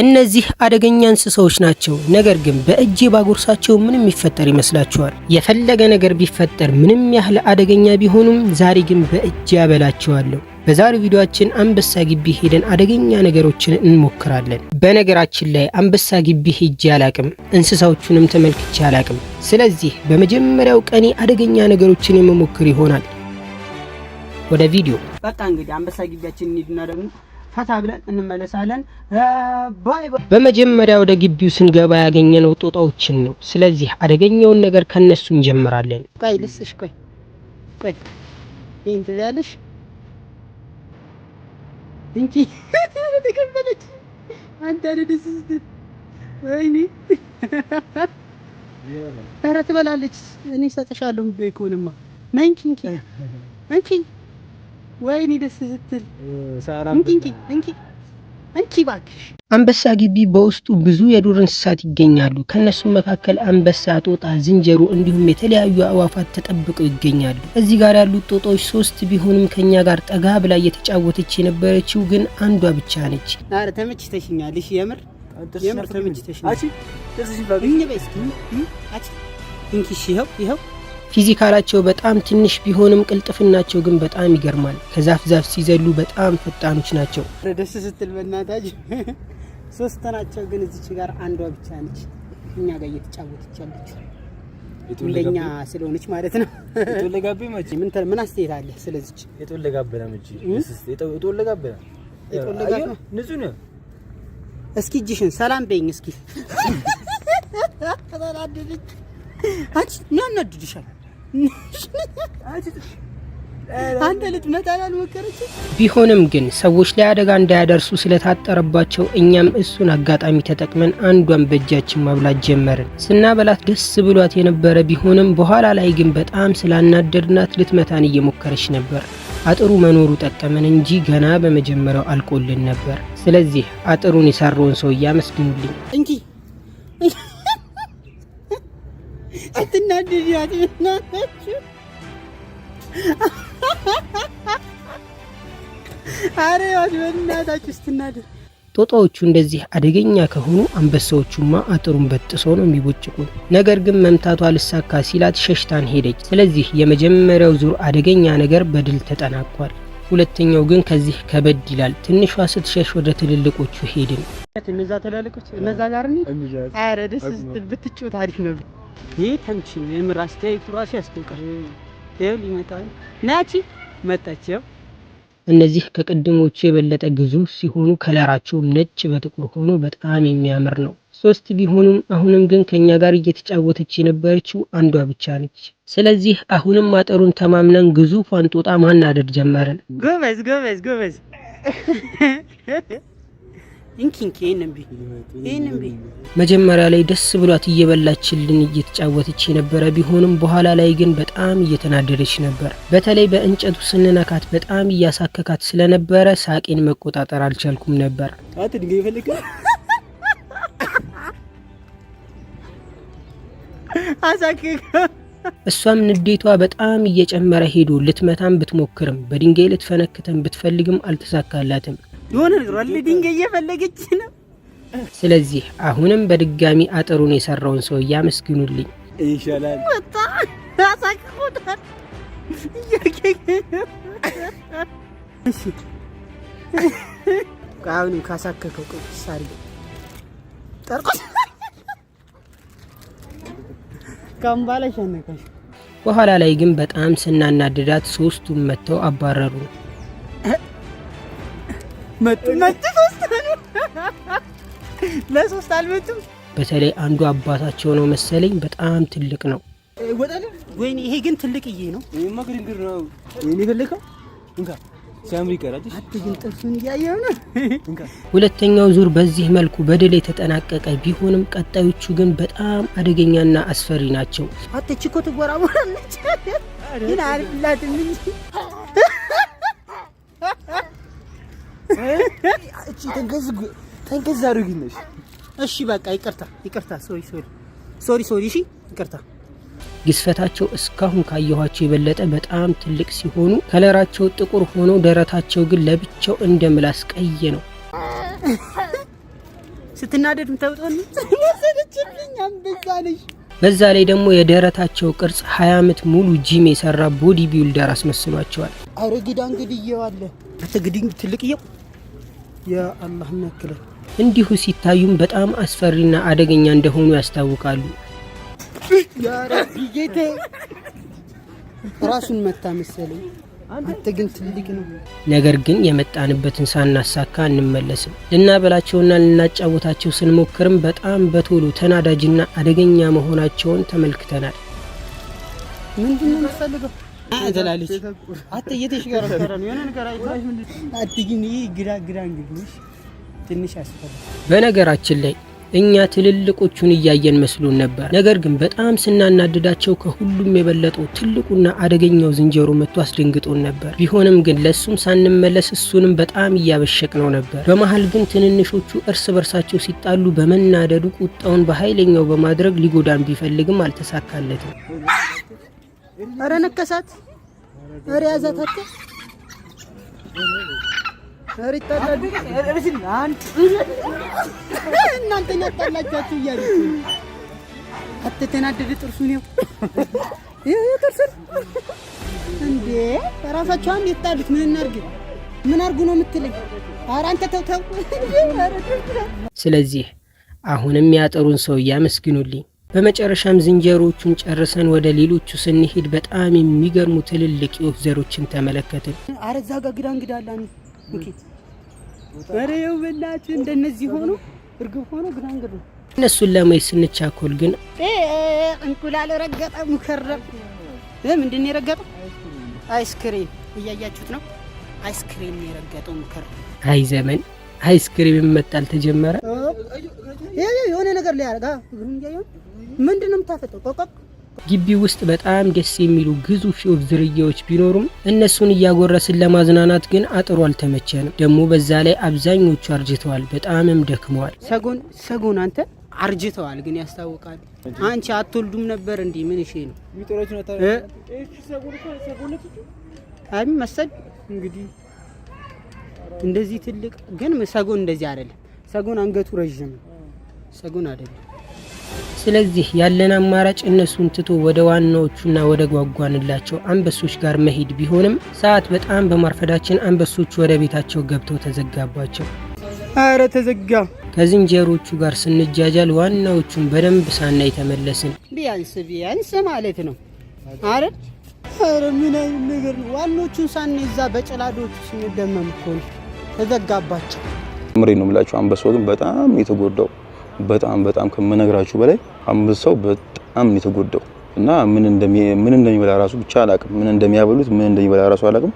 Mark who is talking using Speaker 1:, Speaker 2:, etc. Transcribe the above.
Speaker 1: እነዚህ አደገኛ እንስሳዎች ናቸው። ነገር ግን በእጄ ባጎርሳቸው ምንም ይፈጠር ይመስላችኋል? የፈለገ ነገር ቢፈጠር ምንም ያህል አደገኛ ቢሆኑም ዛሬ ግን በእጄ ያበላቸዋለሁ። በዛሬው ቪዲዮአችን አንበሳ ግቢ ሄደን አደገኛ ነገሮችን እንሞክራለን። በነገራችን ላይ አንበሳ ግቢ ሄጄ አላቅም፣ እንስሳዎቹንም ተመልክቼ አላቅም። ስለዚህ በመጀመሪያው ቀኔ አደገኛ ነገሮችን የመሞክር ይሆናል። ወደ ቪዲዮ በቃ እንግዲህ አንበሳ ግቢያችን እንሂድና ደግሞ ፈታ ብለን እንመለሳለን። ባይ በመጀመሪያ ወደ ግቢው ስንገባ ያገኘነው ጦጣዎችን ነው። ስለዚህ አደገኛውን ነገር ከነሱ እንጀምራለን። ቆይ ልስሽ፣ ቆይ ቆይ፣ ይህን ትያለሽ እንጂ ተቀበለች። አንተ ደስ ወይኔ ኧረ ትበላለች። እኔ እሰጥሻለሁ። ቤኮንማ መንኪንኪ መንኪ ወይኔ ደስ ስትል አንበሳ ግቢ በውስጡ ብዙ የዱር እንስሳት ይገኛሉ። ከነሱም መካከል አንበሳ፣ ጦጣ፣ ዝንጀሮ እንዲሁም የተለያዩ አእዋፋት ተጠብቀው ይገኛሉ። እዚህ ጋር ያሉት ጦጣዎች ሶስት ቢሆንም ከኛ ጋር ጠጋ ብላ እየተጫወተች የነበረችው ግን አንዷ ብቻ ነች። ኧረ ተመችተሽኛል። እሺ የምር የምር ተመችተሽኛል። ፊዚካላቸው በጣም ትንሽ ቢሆንም ቅልጥፍናቸው ግን በጣም ይገርማል። ከዛፍ ዛፍ ሲዘሉ በጣም ፈጣኖች ናቸው። ደስ ስትል በናታጅ ሶስት ናቸው፣ ግን እዚች ጋር አንዷ ብቻ ነች እኛ ጋር እየተጫወተች ያለች እንደኛ ስለሆነች ማለት ነው።
Speaker 2: የጦለጋብ መቼ
Speaker 1: ምን ምን አስተያየት አለ ስለዚች
Speaker 2: የጦለጋብ ለምጂ የጦለጋብ የጦለጋብ ንጹህ ነው።
Speaker 1: እስኪ እጅሽን ሰላም በይኝ እስኪ አንቺ ምን ያናድድሻል? አንተ ልትመጣ አልሞከረችም። ቢሆንም ግን ሰዎች ላይ አደጋ እንዳያደርሱ ስለታጠረባቸው እኛም እሱን አጋጣሚ ተጠቅመን አንዷን በእጃችን ማብላት ጀመርን። ስናበላት ደስ ብሏት የነበረ ቢሆንም በኋላ ላይ ግን በጣም ስላናደድናት ልትመታን እየሞከረች ነበር። አጥሩ መኖሩ ጠቀመን እንጂ ገና በመጀመሪያው አልቆልን ነበር። ስለዚህ አጥሩን የሰራውን ሰው እያመስግኑልኝ እንጂ አትናድያት ናችሁ። አረ በእናታችሁ ስትናደድ ጦጣዎቹ እንደዚህ አደገኛ ከሆኑ አንበሳዎቹማ አጥሩን በጥሶ ነው የሚቦጭቁ። ነገር ግን መምታቷ ልሳካ ሲላት ሸሽታን ሄደች። ስለዚህ የመጀመሪያው ዙር አደገኛ ነገር በድል ተጠናቋል። ሁለተኛው ግን ከዚህ ከበድ ይላል። ትንሿ ስትሸሽ ወደ ትልልቆቹ ሄድን። እነዛ ትላልቆች እነዛ ጋር ኧረ ደስ ስትል ብትጮት አሪፍ ነበር። ይህ ተምች የምር አስተያየቱ ራሱ ያስደንቃል። ናቺ መጣቸው። እነዚህ ከቅድሞቹ የበለጠ ግዙፍ ሲሆኑ ከለራቸው ነጭ በጥቁር ሆኖ በጣም የሚያምር ነው። ሶስት ቢሆኑም አሁንም ግን ከኛ ጋር እየተጫወተች የነበረችው አንዷ ብቻ ነች። ስለዚህ አሁንም አጠሩን ተማምነን ግዙፏን ጦጣ ማናደድ ጀመርን። ጎበዝ ጎበዝ ጎበዝ እንኪንኪ ይህንን ቢ ይህንን ቢ መጀመሪያ ላይ ደስ ብሏት እየበላችልን እየተጫወተች የነበረ ቢሆንም በኋላ ላይ ግን በጣም እየተናደደች ነበር። በተለይ በእንጨቱ ስንነካት በጣም እያሳከካት ስለነበረ ሳቄን መቆጣጠር አልቻልኩም ነበር። አሳከካ እሷም ንዴቷ በጣም እየጨመረ ሄዶ ልትመታም ብትሞክርም በድንጋይ ልትፈነክተን ብትፈልግም አልተሳካላትም። የሆነ ድንጋይ እየፈለገች ነው። ስለዚህ አሁንም በድጋሚ አጥሩን የሰራውን ሰው እያመስግኑልኝ ይሻላል። አሁንም ካሳከከው እስካሁን ባለ ሸነቀሽ። በኋላ ላይ ግን በጣም ስናናድዳት ሶስቱም መጥተው አባረሩ። መጡ መጡ ሶስቱ ለሶስት አልመጡም። በተለይ አንዱ አባታቸው ነው መሰለኝ በጣም ትልቅ ነው። ወይኔ ይሄ ግን ትልቅዬ ነው።
Speaker 2: ይሄማ ግርግር ነው። ይሄን የፈለከው እንካ
Speaker 1: ሁለተኛው ዙር በዚህ መልኩ በድል የተጠናቀቀ ቢሆንም ቀጣዮቹ ግን በጣም አደገኛና አስፈሪ ናቸው። ተንገዝ አድርጊ ነሽ። እሺ በቃ ይቅርታ፣ ይቅርታ፣ ሶሪ ሶሪ ሶሪ ሶሪ፣ እሺ ይቅርታ ግዝፈታቸው እስካሁን ካየኋቸው የበለጠ በጣም ትልቅ ሲሆኑ ከለራቸው ጥቁር ሆኖ ደረታቸው ግን ለብቻው እንደ ምላስ ቀይ ነው። ስትናደድ ምታውጣን ነሽ። በዛ ላይ ደግሞ የደረታቸው ቅርጽ ሀያ አመት ሙሉ ጂም የሰራ ቦዲ ቢልደር አስመስሏቸዋል። አረ ግዳ እንግዲየዋለ አተግድኝ ትልቅዬ የአላህ ነክለ እንዲሁ ሲታዩም በጣም አስፈሪና አደገኛ እንደሆኑ ያስታውቃሉ። ራሱን መታ መሰለኝ። አንተ ግን ትልቅ ነው። ነገር ግን የመጣንበትን ሳናሳካ እንመለስም። ልናበላቸውና ልናጫወታቸው ስንሞክርም በጣም በቶሎ ተናዳጅና አደገኛ መሆናቸውን ተመልክተናል። ምንድን ነው የምትፈልገው? በነገራችን ላይ እኛ ትልልቆቹን እያየን መስሎን ነበር። ነገር ግን በጣም ስናናድዳቸው ከሁሉም የበለጠው ትልቁና አደገኛው ዝንጀሮ መጥቶ አስደንግጦን ነበር። ቢሆንም ግን ለእሱም ሳንመለስ እሱንም በጣም እያበሸቅ ነው ነበር። በመሀል ግን ትንንሾቹ እርስ በርሳቸው ሲጣሉ በመናደዱ ቁጣውን በኃይለኛው በማድረግ ሊጎዳን ቢፈልግም አልተሳካለትም። ኧረ ነከሳት! ኧረ ያዛት! ኧረ እያሉ ጥርሱን ይኸው ጥርሱን እንዴ እራሳቸው አንድ ምን እናድርግ? ምን አድርጉ ነው የምትለኝ? ኧረ አንተ ተው ተው። ስለዚህ አሁንም ያጠሩን ሰው እያመስግኑልኝ። በመጨረሻም ዝንጀሮቹን ጨርሰን ወደ ሌሎቹ ስንሄድ በጣም የሚገርሙ ትልልቅ የወፍ ዘሮችን ተመለከትን። አረ እዛ ጋ ግዳ እንግዳ አለ ኧረ ይኸው በላችሁ እንደነዚህ ሆኖ እርግብ ሆኖ ግዳንግድ ነው። እነሱን ለመሄድ ስንቻኮል ግን እንቁላል ረገጠ፣ ሙከረም ምንድን ነው የረገጠው? አይስክሬም እያያችሁት ነው። አይስክሬም የረገጠው ሙከረም። አይ ዘመን መጣል ተጀመረ። የሆነ ነገር ምንድን ነው የምታፈጠው? ቆቆቅ ግቢ ውስጥ በጣም ደስ የሚሉ ግዙፍ የወፍ ዝርያዎች ቢኖሩም እነሱን እያጎረስን ለማዝናናት ግን አጥሩ አልተመቸንም። ደግሞ በዛ ላይ አብዛኞቹ አርጅተዋል፣ በጣምም ደክመዋል። ሰጎን ሰጎን አንተ አርጅተዋል ግን ያስታውቃል። አንቺ አትወልዱም ነበር እንዲህ ምን ሽ ነው አይ መሰል እንግዲህ እንደዚህ ትልቅ ግን ሰጎን እንደዚህ አይደለም። ሰጎን አንገቱ ረዥም ነው። ሰጎን አይደለም ስለዚህ ያለን አማራጭ እነሱን ትቶ ወደ ዋናዎቹና ወደ ጓጓንላቸው አንበሶች ጋር መሄድ ቢሆንም ሰዓት በጣም በማርፈዳችን አንበሶቹ ወደ ቤታቸው ገብተው ተዘጋባቸው። አረ ተዘጋ። ከዝንጀሮቹ ጋር ስንጃጃል ዋናዎቹን በደንብ ሳናይ ተመለስን። ቢያንስ ቢያንስ ማለት ነው። አረ አረ ምን አይነት ነገር ነው? ዋናዎቹን ሳናይ እዛ በጨላዶቹ ስንደመም እኮ ነው። ተዘጋባቸው።
Speaker 2: ምሬ ነው የምላቸው። አንበሶ ግን በጣም የተጎዳው በጣም በጣም ከምነግራችሁ በላይ አምስት ሰው በጣም የተጎዳው እና ምን እንደሚበላ ራሱ ብቻ አላቅም። ምን እንደሚያበሉት ምን እንደሚበላ ራሱ አላቅም።